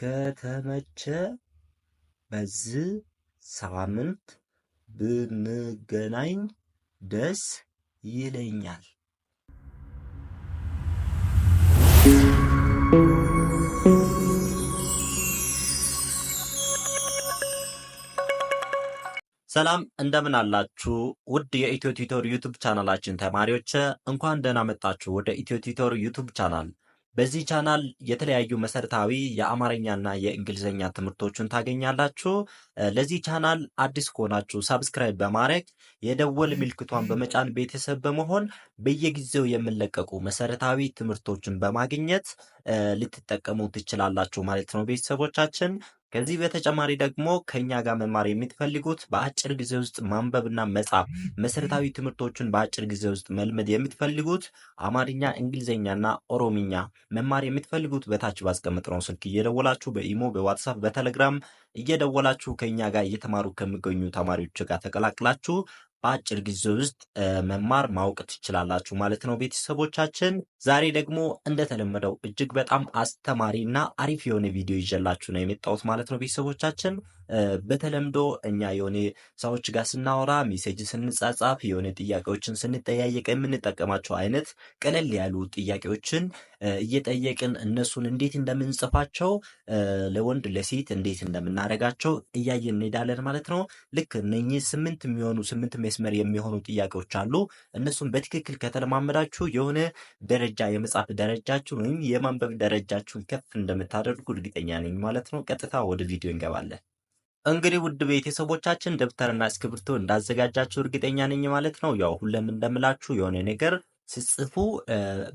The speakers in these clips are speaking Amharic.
ከተመቸ በዚህ ሳምንት ብንገናኝ ደስ ይለኛል። ሰላም እንደምን አላችሁ? ውድ የኢትዮ ቲቶር ዩቱብ ቻናላችን ተማሪዎች እንኳን ደህና መጣችሁ ወደ ኢትዮ ቲቶር ዩቱብ ቻናል። በዚህ ቻናል የተለያዩ መሰረታዊ የአማርኛና የእንግሊዝኛ ትምህርቶችን ታገኛላችሁ። ለዚህ ቻናል አዲስ ከሆናችሁ ሳብስክራይብ በማድረግ የደወል ምልክቷን በመጫን ቤተሰብ በመሆን በየጊዜው የምንለቀቁ መሰረታዊ ትምህርቶችን በማግኘት ልትጠቀሙ ትችላላችሁ ማለት ነው ቤተሰቦቻችን። ከዚህ በተጨማሪ ደግሞ ከኛ ጋር መማር የምትፈልጉት በአጭር ጊዜ ውስጥ ማንበብና መጻፍ መሰረታዊ ትምህርቶችን በአጭር ጊዜ ውስጥ መልመድ የምትፈልጉት አማርኛ፣ እንግሊዝኛና ኦሮምኛ መማር የምትፈልጉት በታች ባስቀመጥነው ስልክ እየደወላችሁ በኢሞ፣ በዋትሳፕ፣ በቴሌግራም እየደወላችሁ ከኛ ጋር እየተማሩ ከሚገኙ ተማሪዎች ጋር ተቀላቅላችሁ በአጭር ጊዜ ውስጥ መማር ማወቅ ትችላላችሁ ማለት ነው ቤተሰቦቻችን። ዛሬ ደግሞ እንደተለመደው እጅግ በጣም አስተማሪ እና አሪፍ የሆነ ቪዲዮ ይዤላችሁ ነው የመጣሁት ማለት ነው ቤተሰቦቻችን። በተለምዶ እኛ የሆነ ሰዎች ጋር ስናወራ ሜሴጅ ስንጻጻፍ የሆነ ጥያቄዎችን ስንጠያየቅ የምንጠቀማቸው አይነት ቀለል ያሉ ጥያቄዎችን እየጠየቅን እነሱን እንዴት እንደምንጽፋቸው ለወንድ ለሴት እንዴት እንደምናደርጋቸው እያየን እንሄዳለን ማለት ነው። ልክ እነኚህ ስምንት የሚሆኑ ስምንት መስመር የሚሆኑ ጥያቄዎች አሉ። እነሱን በትክክል ከተለማመዳችሁ የሆነ ደረጃ የመጻፍ ደረጃችሁን ወይም የማንበብ ደረጃችሁን ከፍ እንደምታደርጉ እርግጠኛ ነኝ ማለት ነው። ቀጥታ ወደ ቪዲዮ እንገባለን። እንግዲህ ውድ ቤተሰቦቻችን ደብተርና እስክሪብቶ እንዳዘጋጃችሁ እርግጠኛ ነኝ ማለት ነው። ያው ሁሌም እንደምላችሁ የሆነ ነገር ስጽፉ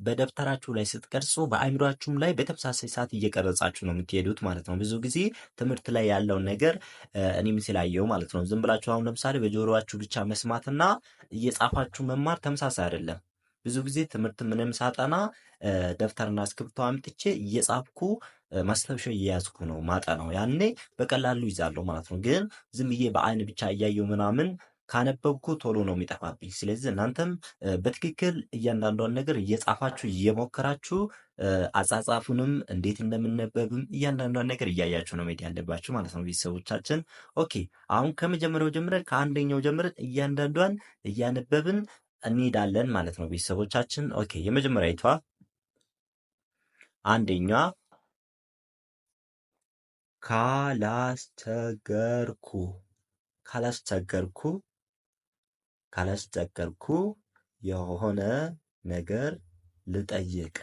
በደብተራችሁ ላይ ስትቀርጹ በአይምሮችሁም ላይ በተመሳሳይ ሰዓት እየቀረጻችሁ ነው የምትሄዱት ማለት ነው። ብዙ ጊዜ ትምህርት ላይ ያለውን ነገር እኔም ስላየው ማለት ነው። ዝም ብላችሁ አሁን ለምሳሌ በጆሮችሁ ብቻ መስማትና እየጻፋችሁ መማር ተመሳሳይ አይደለም። ብዙ ጊዜ ትምህርት ምንም ሳጠና ደብተርና እስክሪብቶ አምጥቼ እየጻፍኩ ማስታወሻ እየያዝኩ ነው ማጠናው። ያኔ በቀላሉ ይዛለሁ ማለት ነው። ግን ዝም ብዬ በአይን ብቻ እያየው ምናምን ካነበብኩ ቶሎ ነው የሚጠፋብኝ። ስለዚህ እናንተም በትክክል እያንዳንዷን ነገር እየጻፋችሁ እየሞከራችሁ አጻጻፉንም እንዴት እንደምነበብም እያንዳንዷን ነገር እያያችሁ ነው መሄድ ያለባችሁ ማለት ነው ቤተሰቦቻችን። ኦኬ አሁን ከመጀመሪያው ጀምረን ከአንደኛው ጀምረን እያንዳንዷን እያነበብን እንሄዳለን ማለት ነው ቤተሰቦቻችን። ኦኬ ይቷ አንደኛ ካላስቸገርኩ ካላስቸገርኩ ካላስቸገርኩ የሆነ ነገር ልጠይቅ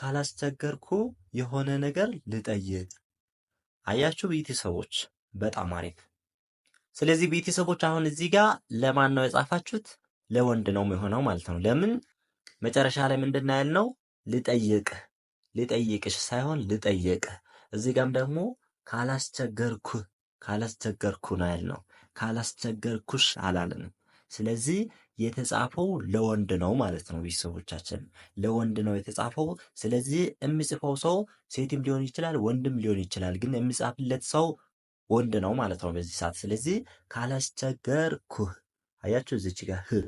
ካላስቸገርኩ የሆነ ነገር ልጠይቅ። አያችሁ ቤተሰቦች፣ በጣም አሪፍ። ስለዚህ ቤተሰቦች አሁን እዚህ ጋር ለማን ነው የጻፋችሁት? ለወንድ ነው የሚሆነው ማለት ነው። ለምን መጨረሻ ላይ ምንድን ያልነው? ልጠይቅህ ልጠይቅሽ ሳይሆን ልጠይቅህ። እዚህ ጋም ደግሞ ካላስቸገርኩ ካላስቸገርኩ ነው ያልነው። ካላስቸገርኩሽ አላለንም። ስለዚህ የተጻፈው ለወንድ ነው ማለት ነው። ቤተሰቦቻችን ለወንድ ነው የተጻፈው። ስለዚህ የሚጽፈው ሰው ሴትም ሊሆን ይችላል፣ ወንድም ሊሆን ይችላል። ግን የሚጻፍለት ሰው ወንድ ነው ማለት ነው በዚህ ሰዓት። ስለዚህ ካላስቸገርኩህ አያችሁ፣ እዚች ጋር ህ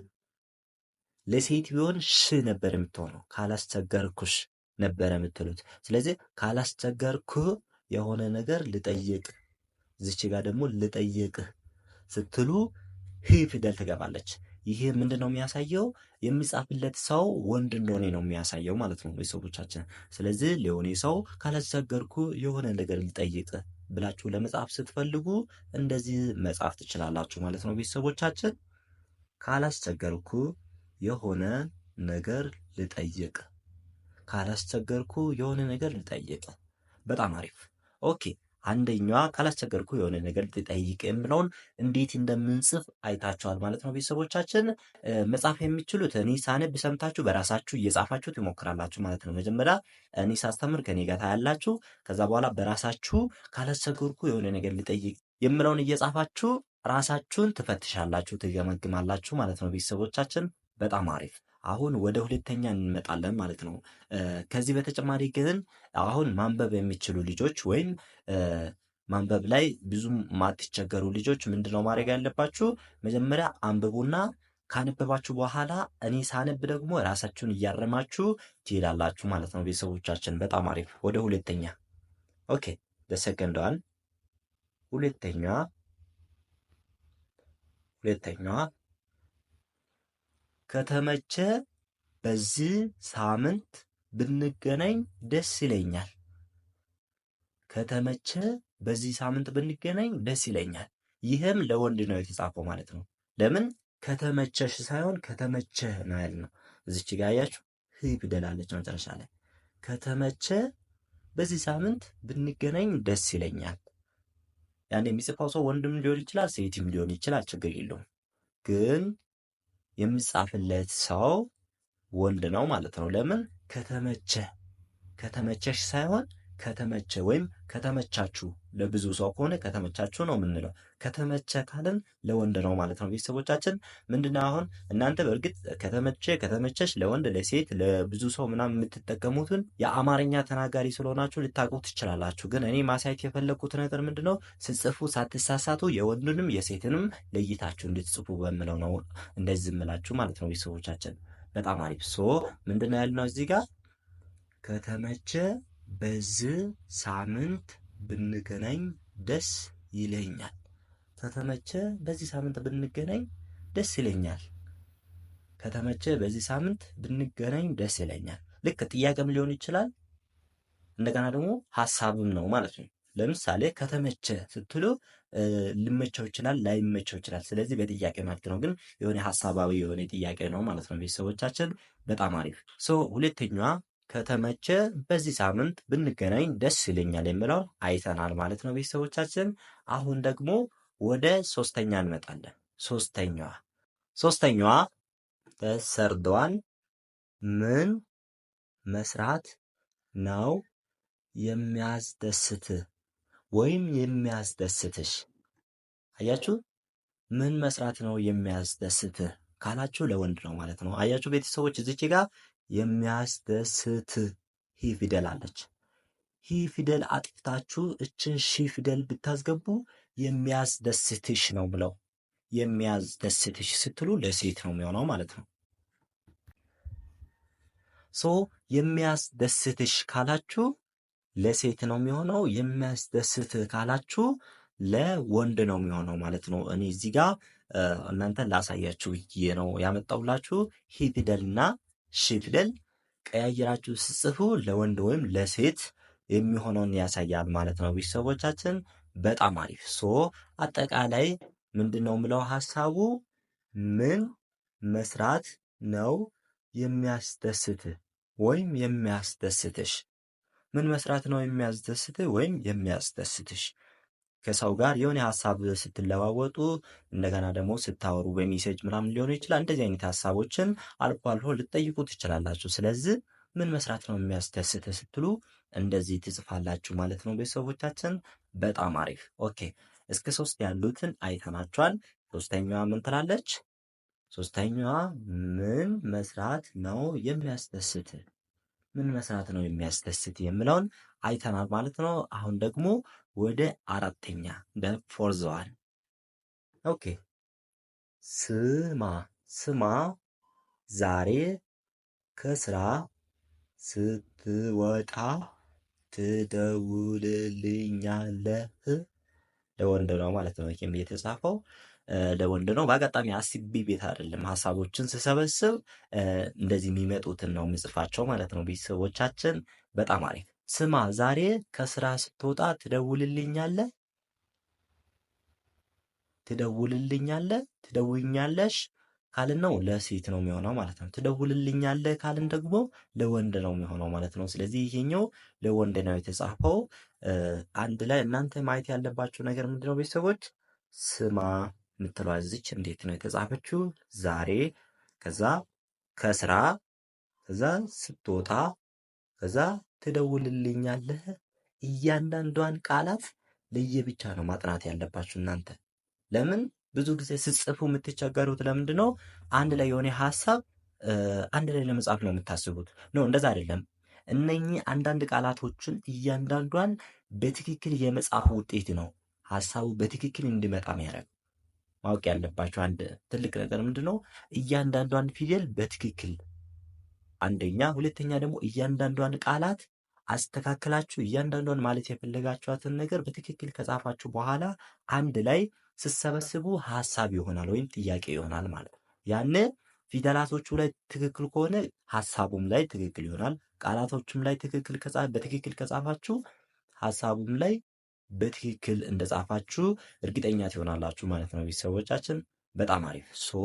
ለሴት ቢሆን ሽ ነበር የምትሆነው። ካላስቸገርኩሽ ነበር የምትሉት። ስለዚህ ካላስቸገርኩ የሆነ ነገር ልጠይቅ፣ እዚች ጋር ደግሞ ልጠይቅህ ስትሉ ህ ፊደል ትገባለች። ይህ ምንድን ነው የሚያሳየው? የሚጻፍለት ሰው ወንድ እንደሆነ ነው የሚያሳየው ማለት ነው ቤተሰቦቻችን። ስለዚህ ሊሆኔ ሰው ካላስቸገርኩ የሆነ ነገር ልጠይቅ ብላችሁ ለመጻፍ ስትፈልጉ እንደዚህ መጻፍ ትችላላችሁ ማለት ነው ቤተሰቦቻችን ካላስቸገርኩ የሆነ ነገር ልጠይቅ። ካላስቸገርኩ የሆነ ነገር ልጠይቅ። በጣም አሪፍ ኦኬ። አንደኛዋ ካላስቸገርኩ የሆነ ነገር ልጠይቅ የምለውን እንዴት እንደምንጽፍ አይታችኋል ማለት ነው። ቤተሰቦቻችን መጻፍ የሚችሉት እኔ ሳነብ ሰምታችሁ በራሳችሁ እየጻፋችሁ ትሞክራላችሁ ማለት ነው። መጀመሪያ እኔ ሳስተምር ከኔ ጋር ታያላችሁ። ከዛ በኋላ በራሳችሁ ካላስቸገርኩ የሆነ ነገር ልጠይቅ የምለውን እየጻፋችሁ ራሳችሁን ትፈትሻላችሁ፣ ትገመግማላችሁ ማለት ነው ቤተሰቦቻችን። በጣም አሪፍ። አሁን ወደ ሁለተኛ እንመጣለን ማለት ነው። ከዚህ በተጨማሪ ግን አሁን ማንበብ የሚችሉ ልጆች ወይም ማንበብ ላይ ብዙም ማትቸገሩ ልጆች ምንድነው ማድረግ ያለባችሁ? መጀመሪያ አንብቡና ካነበባችሁ በኋላ እኔ ሳነብ ደግሞ ራሳችሁን እያረማችሁ ትሄዳላችሁ ማለት ነው። ቤተሰቦቻችን በጣም አሪፍ። ወደ ሁለተኛ ኦኬ፣ በሰከንዷን ሁለተኛ ሁለተኛዋ ከተመቸ በዚህ ሳምንት ብንገናኝ ደስ ይለኛል። ከተመቸ በዚህ ሳምንት ብንገናኝ ደስ ይለኛል። ይህም ለወንድ ነው የተጻፈው ማለት ነው። ለምን ከተመቸሽ ሳይሆን ከተመቸህ ነው እዚች ጋ ያያችሁ ህ ፊደል አለች መጨረሻ ላይ። ከተመቸ በዚህ ሳምንት ብንገናኝ ደስ ይለኛል። ያን የሚጽፋው ሰው ወንድም ሊሆን ይችላል፣ ሴትም ሊሆን ይችላል፣ ችግር የለውም ግን የሚጻፍለት ሰው ወንድ ነው ማለት ነው። ለምን ከተመቸ ከተመቸሽ ሳይሆን ከተመቸ ወይም ከተመቻችሁ ለብዙ ሰው ከሆነ ከተመቻችሁ ነው የምንለው። ከተመቸ ካልን ለወንድ ነው ማለት ነው። ቤተሰቦቻችን ምንድነው አሁን እናንተ በእርግጥ ከተመቸ ከተመቸሽ ለወንድ ለሴት ለብዙ ሰው ምናምን የምትጠቀሙትን የአማርኛ ተናጋሪ ስለሆናችሁ ልታውቁ ትችላላችሁ። ግን እኔ ማሳየት የፈለግኩት ነገር ምንድነው ስጽፉ ሳትሳሳቱ የወንዱንም የሴትንም ለይታችሁ እንድትጽፉ በምለው ነው እንደዚህ ምላችሁ ማለት ነው። ቤተሰቦቻችን በጣም አሪፍ ሶ ምንድነው ያልነው እዚህ ጋር ከተመቸ በዝ ሳምንት ብንገናኝ ደስ ይለኛል። ተተመቸ በዚህ ሳምንት ብንገናኝ ደስ ይለኛል። ከተመቸ በዚህ ሳምንት ብንገናኝ ደስ ይለኛል። ልክ ጥያቄም ሊሆን ይችላል፣ እንደገና ደግሞ ሀሳብም ነው ማለት ነው። ለምሳሌ ከተመቸ ስትሉ ሊመቸው ይችላል፣ ላይመቸው ይችላል። ስለዚህ በጥያቄ መልክ ነው፣ ግን የሆነ ሀሳባዊ የሆነ ጥያቄ ነው ማለት ነው። ቤተሰቦቻችን በጣም አሪፍ። ሁለተኛዋ ከተመቸ በዚህ ሳምንት ብንገናኝ ደስ ይለኛል የሚለውን አይተናል ማለት ነው ቤተሰቦቻችን። አሁን ደግሞ ወደ ሶስተኛ እንመጣለን። ሶስተኛዋ ሶስተኛዋ በሰርዷን ምን መስራት ነው የሚያስደስት ወይም የሚያስደስትሽ? አያችሁ ምን መስራት ነው የሚያስደስት ካላችሁ ለወንድ ነው ማለት ነው። አያችሁ ቤተሰቦች እዚች ጋር የሚያስደስት ሂ ፊደል አለች። ሂ ፊደል አጥፍታችሁ እችን ሺ ፊደል ብታስገቡ የሚያስደስትሽ ነው ብለው የሚያስደስትሽ ስትሉ ለሴት ነው የሚሆነው ማለት ነው። ሶ የሚያስደስትሽ ካላችሁ ለሴት ነው የሚሆነው። የሚያስደስት ካላችሁ ለወንድ ነው የሚሆነው ማለት ነው። እኔ እዚህ ጋር እናንተን ላሳያችሁ ብዬ ነው ያመጣውላችሁ ሂ ፊደልና ሺ ፊደል ቀያየራችሁ ስጽፉ ለወንድ ወይም ለሴት የሚሆነውን ያሳያል ማለት ነው። ቤተሰቦቻችን በጣም አሪፍ። ሶ አጠቃላይ ምንድን ነው ምለው ሀሳቡ ምን መስራት ነው የሚያስደስት ወይም የሚያስደስትሽ? ምን መስራት ነው የሚያስደስት ወይም የሚያስደስትሽ? ከሰው ጋር የሆነ ሀሳብ ስትለዋወጡ እንደገና ደግሞ ስታወሩ በሜሴጅ ምናምን ሊሆኑ ይችላል። እንደዚህ አይነት ሀሳቦችን አልፎ አልፎ ልትጠይቁ ትችላላችሁ። ስለዚህ ምን መስራት ነው የሚያስደስት ስትሉ እንደዚህ ትጽፋላችሁ ማለት ነው። ቤተሰቦቻችን በጣም አሪፍ ኦኬ። እስከ ሶስት ያሉትን አይተናቸዋል። ሶስተኛዋ ምን ትላለች? ሶስተኛዋ ምን መስራት ነው የሚያስደስት ምን መስራት ነው የሚያስደስት የሚለውን አይተናል ማለት ነው። አሁን ደግሞ ወደ አራተኛ በፎርዘዋል። ኦኬ ስማ ስማ ዛሬ ከስራ ስትወጣ ትደውልልኛለህ። ለወንድ ነው ማለት ነው። ይህም የተጻፈው ለወንድ ነው። በአጋጣሚ አስቢ ቤት አይደለም ሀሳቦችን ስሰበስብ እንደዚህ የሚመጡትን ነው የምጽፋቸው ማለት ነው። ቤተሰቦቻችን በጣም አሪፍ ስማ ዛሬ ከስራ ስትወጣ ትደውልልኛለ ትደውልልኛለ ትደውኛለሽ ካልን ነው ለሴት ነው የሚሆነው ማለት ነው። ትደውልልኛለ ካልን ደግሞ ለወንድ ነው የሚሆነው ማለት ነው። ስለዚህ ይሄኛው ለወንድ ነው የተጻፈው። አንድ ላይ እናንተ ማየት ያለባችሁ ነገር ምንድነው? ቤተሰቦች ስማ የምትለዋ እዚች እንዴት ነው የተጻፈችው? ዛሬ ከዛ ከስራ ከዛ ስትወጣ ከዛ ትደውልልኛለህ? እያንዳንዷን ቃላት ለየብቻ ነው ማጥናት ያለባችሁ እናንተ። ለምን ብዙ ጊዜ ስጽፉ የምትቸገሩት ለምንድን ነው? አንድ ላይ የሆነ ሀሳብ አንድ ላይ ለመጻፍ ነው የምታስቡት። ኖ እንደዛ አይደለም። እነኚህ አንዳንድ ቃላቶችን እያንዳንዷን በትክክል የመጻፉ ውጤት ነው ሀሳቡ በትክክል እንዲመጣ ያደረግ። ማወቅ ያለባቸው አንድ ትልቅ ነገር ምንድን ነው? እያንዳንዷን ፊደል በትክክል አንደኛ፣ ሁለተኛ ደግሞ እያንዳንዷን ቃላት አስተካክላችሁ እያንዳንዷን ማለት የፈለጋችኋትን ነገር በትክክል ከጻፋችሁ በኋላ አንድ ላይ ስሰበስቡ ሀሳብ ይሆናል ወይም ጥያቄ ይሆናል ማለት ነው። ያን ፊደላቶቹ ላይ ትክክል ከሆነ ሀሳቡም ላይ ትክክል ይሆናል። ቃላቶቹም ላይ ትክክል በትክክል ከጻፋችሁ ሀሳቡም ላይ በትክክል እንደጻፋችሁ እርግጠኛ ትሆናላችሁ ማለት ነው። ቤተሰቦቻችን በጣም አሪፍ ሶ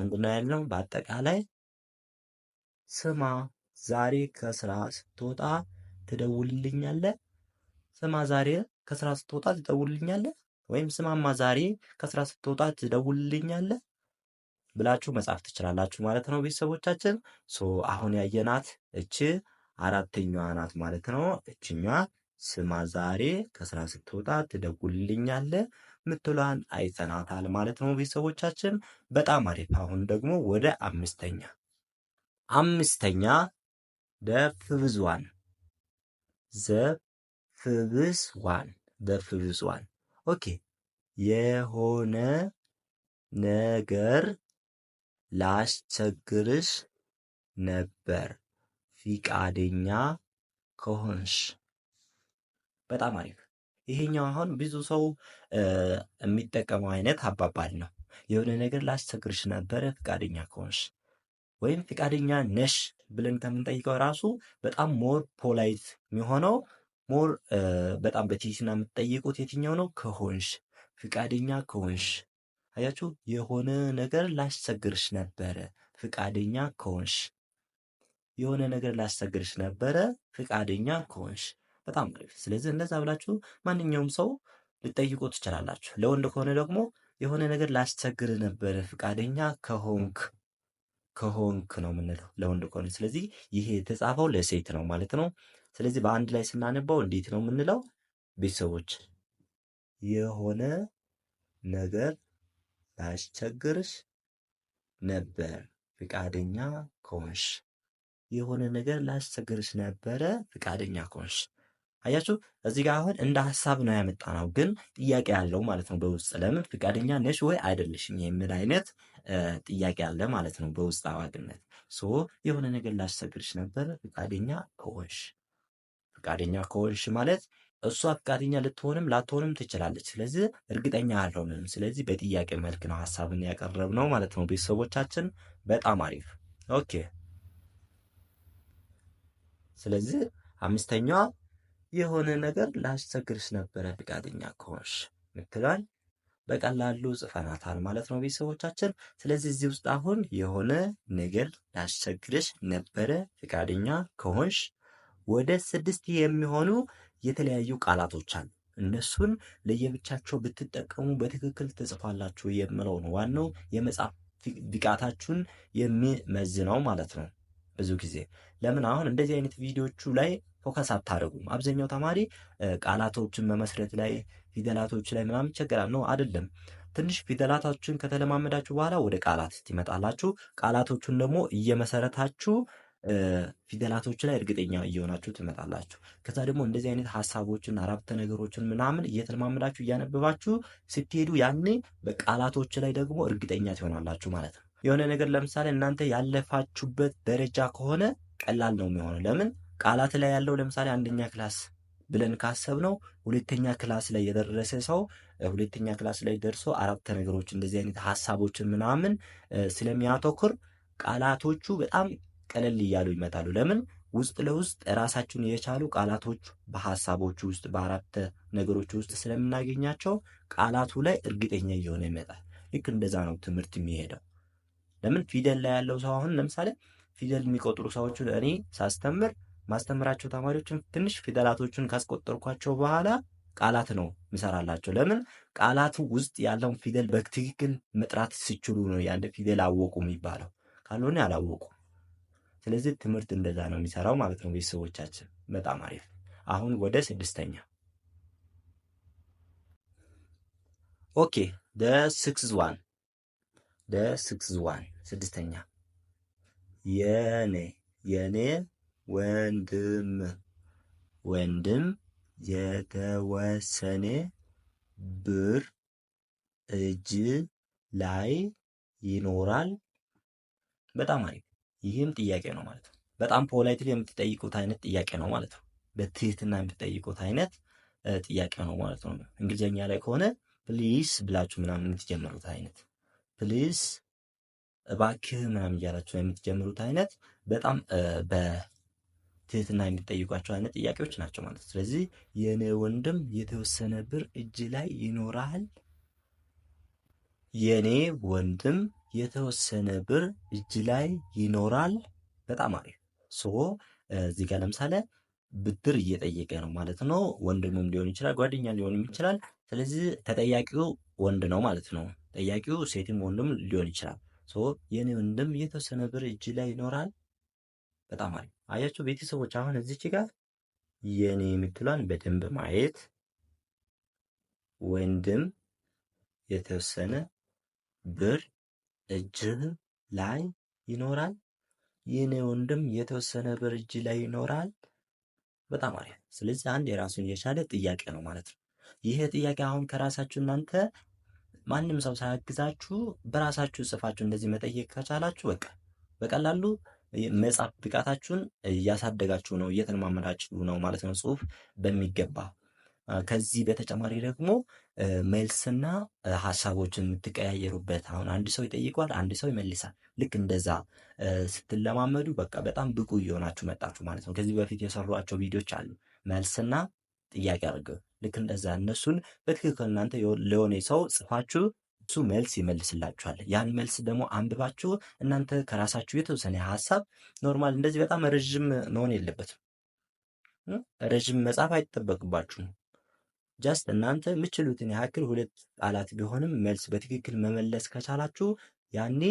ምንድነው ያለው በአጠቃላይ ስማ ዛሬ ከስራ ስትወጣ ትደውልልኛለህ? ስማ ዛሬ ከስራ ስትወጣ ትደውልልኛለ? ወይም ስማማ ዛሬ ከስራ ስትወጣ ትደውልልኛለህ? ብላችሁ መጻፍ ትችላላችሁ ማለት ነው ቤተሰቦቻችን። ሶ አሁን ያየናት እቺ አራተኛዋ ናት ማለት ነው። እችኛ ስማ ዛሬ ከስራ ስትወጣ ትደውልልኛለ ምትሏን አይጸናታል ማለት ነው ቤተሰቦቻችን። በጣም አሪፍ። አሁን ደግሞ ወደ አምስተኛ አምስተኛ ደፍብዟን ዘፍብዝዋን ደፍብስዋን ኦኬ የሆነ ነገር ላስቸግርሽ ነበር ፊቃደኛ ከሆንሽ። በጣም አሪፍ። ይሄኛው አሁን ብዙ ሰው የሚጠቀመው አይነት አባባል ነው። የሆነ ነገር ላስቸግርሽ ነበረ ፊቃደኛ ከሆንሽ ወይም ፊቃደኛ ነሽ ብለን ከምንጠይቀው ራሱ በጣም ሞር ፖላይት የሚሆነው ሞር በጣም በቲሽና የምትጠይቁት የትኛው ነው? ከሆንሽ ፍቃደኛ ከሆንሽ አያችሁ፣ የሆነ ነገር ላስቸግርሽ ነበረ ፍቃደኛ ከሆንሽ፣ የሆነ ነገር ላስቸግርሽ ነበረ ፍቃደኛ ከሆንሽ። በጣም አሪፍ። ስለዚህ እንደዛ ብላችሁ ማንኛውም ሰው ልጠይቁ ትችላላችሁ። ለወንድ ከሆነ ደግሞ የሆነ ነገር ላስቸግር ነበረ ፍቃደኛ ከሆንክ ከሆንክ ነው የምንለው ለወንድ ከሆነ። ስለዚህ ይሄ የተጻፈው ለሴት ነው ማለት ነው። ስለዚህ በአንድ ላይ ስናነባው እንዴት ነው የምንለው? ቤተሰቦች የሆነ ነገር ላስቸግርሽ ነበር ፍቃደኛ ከሆንሽ፣ የሆነ ነገር ላስቸግርሽ ነበረ ፍቃደኛ ከሆንሽ አያችሁ እዚህ ጋር አሁን እንደ ሀሳብ ነው ነው ግን ጥያቄ ያለው ማለት ነው በውስጥ ለምን ፍቃደኛ ነሽ ወይ አይደለሽም የሚል አይነት ጥያቄ አለ ማለት ነው በውስጥ አዋቂነት። ሶ የሆነ ነገር ላሰግርሽ ነበር ፍቃደኛ ከሆንሽ ፍቃደኛ ከሆንሽ ማለት እሷ ፍቃደኛ ልትሆንም ላትሆንም ትችላለች። ስለዚህ እርግጠኛ አልሆንም። ስለዚህ በጥያቄ መልክ ነው ሀሳብን ነው ማለት ነው ቤተሰቦቻችን። በጣም አሪፍ ኦኬ። ስለዚህ አምስተኛዋ የሆነ ነገር ላስቸግርሽ ነበረ ፍቃደኛ ከሆንሽ ምትላል። በቀላሉ ጽፈናታል ማለት ነው ቤተሰቦቻችን። ስለዚህ እዚህ ውስጥ አሁን የሆነ ነገር ላስቸግርሽ ነበረ ፍቃደኛ ከሆንሽ ወደ ስድስት የሚሆኑ የተለያዩ ቃላቶች አሉ። እነሱን ለየብቻቸው ብትጠቀሙ በትክክል ትጽፋላችሁ የምለው ነው ዋናው የመጻፍ ብቃታችሁን የሚመዝነው ማለት ነው። ብዙ ጊዜ ለምን አሁን እንደዚህ አይነት ቪዲዮቹ ላይ ፎከስ አታደርጉም? አብዛኛው ተማሪ ቃላቶችን መመስረት ላይ ፊደላቶች ላይ ምናምን ይቸገራል። ነው አይደለም? ትንሽ ፊደላቶችን ከተለማመዳችሁ በኋላ ወደ ቃላት ትመጣላችሁ። ቃላቶቹን ደግሞ እየመሰረታችሁ ፊደላቶች ላይ እርግጠኛ እየሆናችሁ ትመጣላችሁ። ከዛ ደግሞ እንደዚህ አይነት ሀሳቦችን አረፍተ ነገሮችን ምናምን እየተለማመዳችሁ እያነበባችሁ ስትሄዱ ያኔ በቃላቶች ላይ ደግሞ እርግጠኛ ትሆናላችሁ ማለት ነው። የሆነ ነገር ለምሳሌ እናንተ ያለፋችሁበት ደረጃ ከሆነ ቀላል ነው የሚሆነው። ለምን ቃላት ላይ ያለው ለምሳሌ አንደኛ ክላስ ብለን ካሰብነው ሁለተኛ ክላስ ላይ የደረሰ ሰው ሁለተኛ ክላስ ላይ ደርሶ አረፍተ ነገሮች እንደዚህ አይነት ሀሳቦችን ምናምን ስለሚያተኩር ቃላቶቹ በጣም ቀለል እያሉ ይመጣሉ። ለምን ውስጥ ለውስጥ ራሳችሁን የቻሉ ቃላቶች በሀሳቦቹ ውስጥ በአረፍተ ነገሮች ውስጥ ስለምናገኛቸው ቃላቱ ላይ እርግጠኛ እየሆነ ይመጣል። ልክ እንደዛ ነው ትምህርት የሚሄደው። ለምን ፊደል ላይ ያለው ሰው አሁን ለምሳሌ ፊደል የሚቆጥሩ ሰዎች እኔ ሳስተምር ማስተምራቸው ተማሪዎችን ትንሽ ፊደላቶቹን ካስቆጠርኳቸው በኋላ ቃላት ነው ምሰራላቸው። ለምን ቃላቱ ውስጥ ያለውን ፊደል በትክክል መጥራት ሲችሉ ነው የአንድ ፊደል አወቁ የሚባለው፣ ካልሆነ አላወቁ። ስለዚህ ትምህርት እንደዛ ነው የሚሰራው ማለት ነው። ቤተሰቦቻችን በጣም አሪፍ። አሁን ወደ ስድስተኛ ኦኬ ደ ስክስ ዋን ደ ስክስ ዋን ስድስተኛ የኔ የኔ ወንድም ወንድም የተወሰኔ ብር እጅ ላይ ይኖራል። በጣም አሪፍ። ይህም ጥያቄ ነው ማለት ነው። በጣም ፖላይትሊ የምትጠይቁት አይነት ጥያቄ ነው ማለት ነው። በትህትና የምትጠይቁት አይነት ጥያቄ ነው ማለት ነው። እንግሊዝኛ ላይ ከሆነ ፕሊስ ብላችሁ ምናምን የምትጀምሩት አይነት ፕሊስ እባክህ ምናምን እያላችሁ የምትጀምሩት አይነት በጣም በትህትና የሚጠይቋቸው አይነት ጥያቄዎች ናቸው ማለት ነው። ስለዚህ የእኔ ወንድም የተወሰነ ብር እጅ ላይ ይኖራል፣ የእኔ ወንድም የተወሰነ ብር እጅ ላይ ይኖራል። በጣም አሪፍ ሶ እዚህ ጋር ለምሳሌ ብድር እየጠየቀ ነው ማለት ነው። ወንድሙም ሊሆን ይችላል፣ ጓደኛ ሊሆንም ይችላል። ስለዚህ ተጠያቂው ወንድ ነው ማለት ነው። ጠያቂው ሴትም ወንድም ሊሆን ይችላል። የኔ ወንድም የተወሰነ ብር እጅ ላይ ይኖራል። በጣም አሪፍ አያቸው ቤተሰቦች። አሁን እዚች ጋር የኔ የምትሏን በደንብ ማየት ወንድም የተወሰነ ብር እጅህ ላይ ይኖራል። የኔ ወንድም የተወሰነ ብር እጅ ላይ ይኖራል። በጣም አሪፍ። ስለዚህ አንድ የራሱን የቻለ ጥያቄ ነው ማለት ነው። ይሄ ጥያቄ አሁን ከራሳችሁ እናንተ ማንም ሰው ሳያግዛችሁ በራሳችሁ ጽፋችሁ እንደዚህ መጠየቅ ከቻላችሁ በቃ በቀላሉ መጻፍ ብቃታችሁን እያሳደጋችሁ ነው፣ እየተለማመዳችሁ ነው ማለት ነው ጽሁፍ በሚገባ ከዚህ በተጨማሪ ደግሞ መልስና ሀሳቦችን የምትቀያየሩበት አሁን አንድ ሰው ይጠይቋል፣ አንድ ሰው ይመልሳል። ልክ እንደዛ ስትለማመዱ በቃ በጣም ብቁ እየሆናችሁ መጣችሁ ማለት ነው። ከዚህ በፊት የሰሯቸው ቪዲዮች አሉ መልስና ጥያቄ አድርገው ልክ እንደዛ እነሱን በትክክል እናንተ ለሆነ ሰው ጽፋችሁ እሱ መልስ ይመልስላችኋል። ያን መልስ ደግሞ አንብባችሁ እናንተ ከራሳችሁ የተወሰነ ሀሳብ ኖርማል፣ እንደዚህ በጣም ረዥም መሆን የለበትም። ረዥም መጽሐፍ አይጠበቅባችሁም። ጃስት እናንተ የምችሉትን ያክል ሁለት ቃላት ቢሆንም መልስ በትክክል መመለስ ከቻላችሁ ያኔ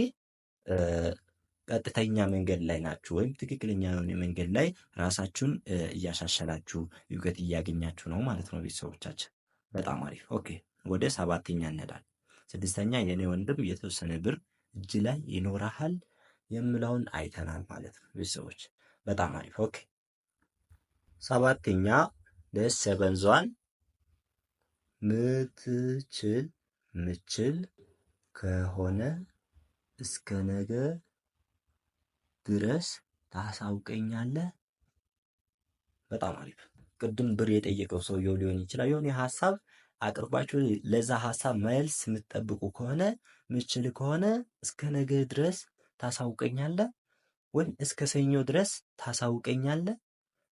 ቀጥተኛ መንገድ ላይ ናችሁ ወይም ትክክለኛ የሆነ መንገድ ላይ ራሳችሁን እያሻሸላችሁ እውቀት እያገኛችሁ ነው ማለት ነው። ቤተሰቦቻችን በጣም አሪፍ። ኦኬ ወደ ሰባተኛ እንሄዳል። ስድስተኛ የኔ ወንድም የተወሰነ ብር እጅ ላይ ይኖረሃል የምለውን አይተናል ማለት ነው። ቤተሰቦች በጣም አሪፍ። ኦኬ ሰባተኛ ለሰበንዟን ምትችል ምችል ከሆነ እስከ ነገ ድረስ ታሳውቀኛለህ? በጣም አሪፍ። ቅድም ብር የጠየቀው ሰውየው ሊሆን ይችላል። የሆነ ሀሳብ አቅርባችሁ ለዛ ሀሳብ መልስ የምትጠብቁ ከሆነ ምችል ከሆነ እስከ ነገ ድረስ ታሳውቀኛለህ ወይም እስከ ሰኞ ድረስ ታሳውቀኛለህ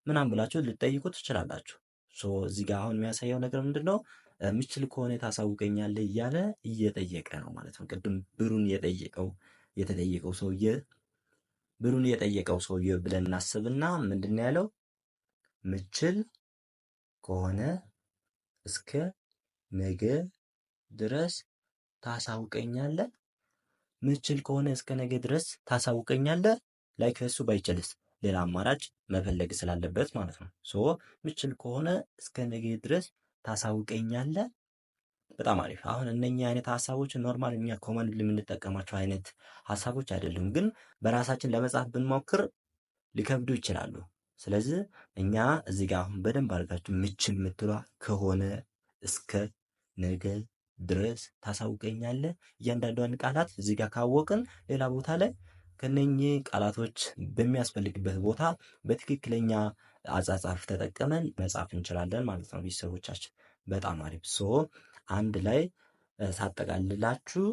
ምናምን ብላችሁ ልጠይቁ ትችላላችሁ። ሶ እዚህ ጋር አሁን የሚያሳየው ነገር ምንድን ነው? ምችል ከሆነ ታሳውቀኛለህ እያለ እየጠየቀ ነው ማለት ነው። ቅድም ብሩን የጠየቀው የተጠየቀው ሰውዬ ብሩን የጠየቀው ሰውዬ ብለን እናስብና ምንድን ነው ያለው? ምችል ከሆነ እስከ ነገ ድረስ ታሳውቀኛለ ምችል ከሆነ እስከ ነገ ድረስ ታሳውቀኛለ? ላይ ከሱ ባይችልስ ሌላ አማራጭ መፈለግ ስላለበት ማለት ነው። ሶ ምችል ከሆነ እስከ ነገ ድረስ ታሳውቀኛለ? በጣም አሪፍ። አሁን እነኛ አይነት ሀሳቦች ኖርማል እኛ ኮመን የምንጠቀማቸው አይነት ሀሳቦች አይደሉም፣ ግን በራሳችን ለመጻፍ ብንሞክር ሊከብዱ ይችላሉ። ስለዚህ እኛ እዚህ ጋር አሁን በደንብ አድርጋችሁ ምችል የምትሏ ከሆነ እስከ ነገ ድረስ ታሳውቀኛለ። እያንዳንዷን ቃላት እዚህ ጋር ካወቅን ሌላ ቦታ ላይ ከነኚህ ቃላቶች በሚያስፈልግበት ቦታ በትክክለኛ አጻጻፍ ተጠቀመን መጻፍ እንችላለን ማለት ነው። ቤተሰቦቻችን በጣም አሪፍ ሶ አንድ ላይ ሳጠቃልላችሁ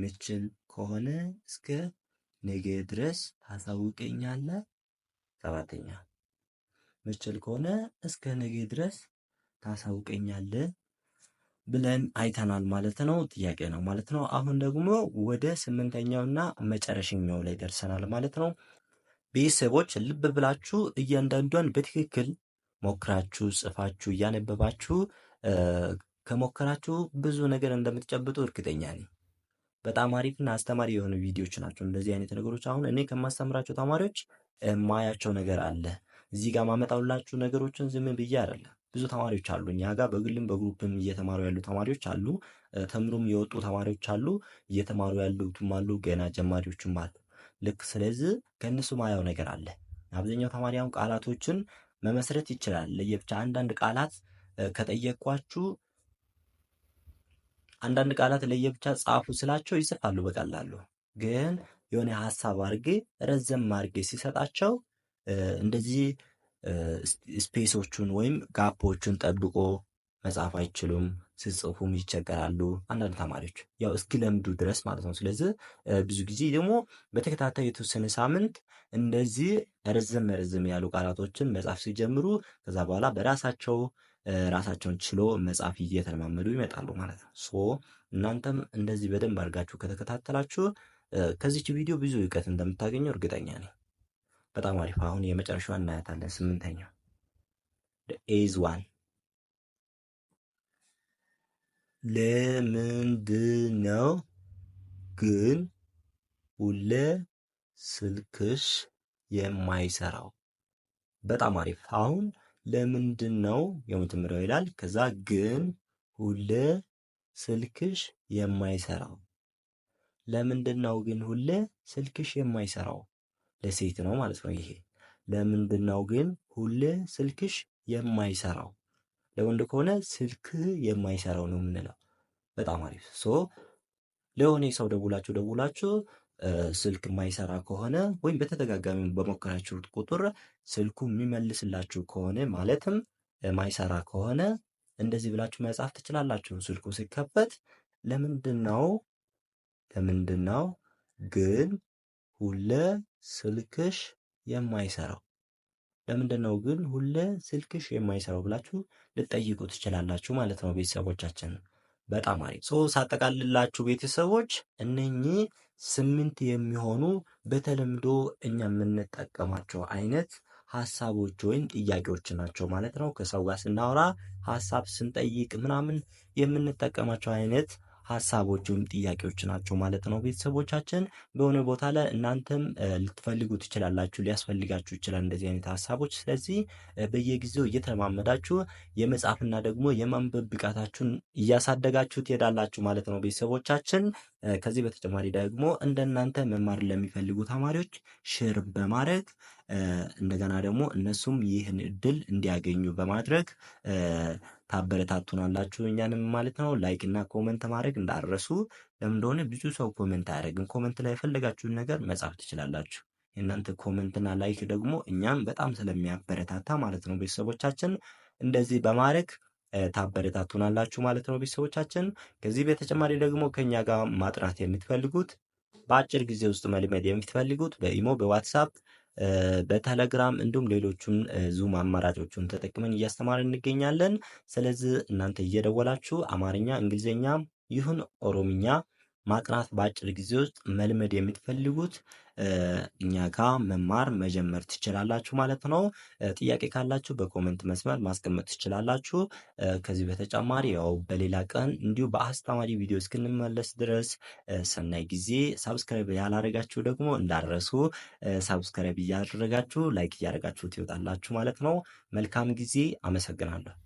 ምችል ከሆነ እስከ ነገ ድረስ ታሳውቀኛለ ሰባተኛ ምችል ከሆነ እስከ ነገ ድረስ ታሳውቀኛለ ብለን አይተናል ማለት ነው። ጥያቄ ነው ማለት ነው። አሁን ደግሞ ወደ ስምንተኛውና መጨረሻኛው ላይ ደርሰናል ማለት ነው። ቤተሰቦች ልብ ብላችሁ እያንዳንዷን በትክክል ሞክራችሁ ጽፋችሁ እያነበባችሁ ከሞከራችሁ ብዙ ነገር እንደምትጨብጡ እርግጠኛ ነኝ። በጣም አሪፍና አስተማሪ የሆኑ ቪዲዮዎች ናቸው። እንደዚህ አይነት ነገሮች አሁን እኔ ከማስተምራቸው ተማሪዎች የማያቸው ነገር አለ። እዚህ ጋር ማመጣውላችሁ ነገሮችን ዝም ብዬ አይደለም። ብዙ ተማሪዎች አሉ እኛ ጋር በግልም በግሩፕም እየተማሩ ያሉ ተማሪዎች አሉ። ተምሩም የወጡ ተማሪዎች አሉ። እየተማሩ ያሉትም አሉ። ገና ጀማሪዎችም አሉ። ልክ ስለዚህ ከእነሱ ማያው ነገር አለ። አብዛኛው ተማሪ አሁን ቃላቶችን መመስረት ይችላል። ለየብቻ አንዳንድ ቃላት ከጠየኳችሁ አንዳንድ ቃላት ለየብቻ ጻፉ ስላቸው ይጽፋሉ በቀላሉ ግን የሆነ ሀሳብ አድርጌ ረዘም አድርጌ ሲሰጣቸው እንደዚህ ስፔሶቹን ወይም ጋፖቹን ጠብቆ መጻፍ አይችሉም። ስጽፉም ይቸገራሉ። አንዳንድ ተማሪዎች ያው ለምዱ ድረስ ማለት ነው። ስለዚህ ብዙ ጊዜ ደግሞ በተከታታይ የተወሰነ ሳምንት እንደዚህ ረዘም ረዘም ያሉ ቃላቶችን መጻፍ ሲጀምሩ ከዛ በኋላ በራሳቸው ራሳቸውን ችሎ መጻፍ እየተለማመዱ ይመጣሉ ማለት ነው። ሶ እናንተም እንደዚህ በደንብ አድርጋችሁ ከተከታተላችሁ ከዚች ቪዲዮ ብዙ እውቀት እንደምታገኘው እርግጠኛ ነኝ። በጣም አሪፍ። አሁን የመጨረሻዋ እናያታለን። ስምንተኛው ኤዝ ዋን ለምንድነው ግን ሁሌ ስልክሽ የማይሰራው? በጣም አሪፍ አሁን ለምንድን ነው የምትምረው ይላል። ከዛ ግን ሁሌ ስልክሽ የማይሰራው ለምንድን ነው ግን ሁሌ ስልክሽ የማይሰራው? ለሴት ነው ማለት ነው ይሄ። ለምንድን ነው ግን ሁሌ ስልክሽ የማይሰራው? ለወንድ ከሆነ ስልክህ የማይሰራው ነው የምንለው። በጣም አሪፍ ሶ ለሆነ ሰው ደውላችሁ ደውላችሁ ስልክ የማይሰራ ከሆነ ወይም በተደጋጋሚ በሞከራችሁት ቁጥር ስልኩ የሚመልስላችሁ ከሆነ ማለትም የማይሰራ ከሆነ እንደዚህ ብላችሁ መጻፍ ትችላላችሁ። ስልኩ ሲከፈት ለምንድነው ለምንድነው ግን ሁለ ስልክሽ የማይሰራው ለምንድነው ግን ሁለ ስልክሽ የማይሰራው ብላችሁ ልጠይቁ ትችላላችሁ ማለት ነው። ቤተሰቦቻችን በጣም አሪፍ ሶ ሳጠቃልላችሁ ቤተሰቦች እነኚህ ስምንት የሚሆኑ በተለምዶ እኛ የምንጠቀማቸው አይነት ሀሳቦች ወይም ጥያቄዎች ናቸው ማለት ነው። ከሰው ጋር ስናወራ ሀሳብ ስንጠይቅ ምናምን የምንጠቀማቸው አይነት ሀሳቦች ወይም ጥያቄዎች ናቸው ማለት ነው። ቤተሰቦቻችን በሆነ ቦታ ላይ እናንተም ልትፈልጉ ትችላላችሁ፣ ሊያስፈልጋችሁ ይችላል እንደዚህ አይነት ሀሳቦች። ስለዚህ በየጊዜው እየተለማመዳችሁ የመጻፍና ደግሞ የማንበብ ብቃታችሁን እያሳደጋችሁ ትሄዳላችሁ ማለት ነው ቤተሰቦቻችን። ከዚህ በተጨማሪ ደግሞ እንደናንተ መማር ለሚፈልጉ ተማሪዎች ሽር በማድረግ እንደገና ደግሞ እነሱም ይህን እድል እንዲያገኙ በማድረግ ታበረታቱናላችሁ እኛንም ማለት ነው። ላይክ እና ኮመንት ማድረግ እንዳረሱ። ለምን እንደሆነ ብዙ ሰው ኮመንት አያደርግም። ኮመንት ላይ የፈለጋችሁን ነገር መጻፍ ትችላላችሁ። የእናንተ ኮመንትና ላይክ ደግሞ እኛም በጣም ስለሚያበረታታ ማለት ነው ቤተሰቦቻችን እንደዚህ በማድረግ ታበረታቱናላችሁ ማለት ነው ቤተሰቦቻችን። ከዚህ በተጨማሪ ደግሞ ከኛ ጋር ማጥናት የምትፈልጉት በአጭር ጊዜ ውስጥ መልመድ የምትፈልጉት በኢሞ በዋትሳፕ በቴሌግራም እንዲሁም ሌሎቹም ዙም አማራጮቹን ተጠቅመን እያስተማርን እንገኛለን። ስለዚህ እናንተ እየደወላችሁ አማርኛ፣ እንግሊዝኛ ይሁን ኦሮምኛ ማጥናት በአጭር ጊዜ ውስጥ መልመድ የምትፈልጉት እኛ ጋ መማር መጀመር ትችላላችሁ ማለት ነው። ጥያቄ ካላችሁ በኮመንት መስመር ማስቀመጥ ትችላላችሁ። ከዚህ በተጨማሪ ያው በሌላ ቀን እንዲሁ በአስተማሪ ቪዲዮ እስክንመለስ ድረስ ሰናይ ጊዜ። ሳብስክራይብ ያላደረጋችሁ ደግሞ እንዳረሱ ሳብስክራይብ እያደረጋችሁ ላይክ እያደረጋችሁ ትወጣላችሁ ማለት ነው። መልካም ጊዜ። አመሰግናለሁ።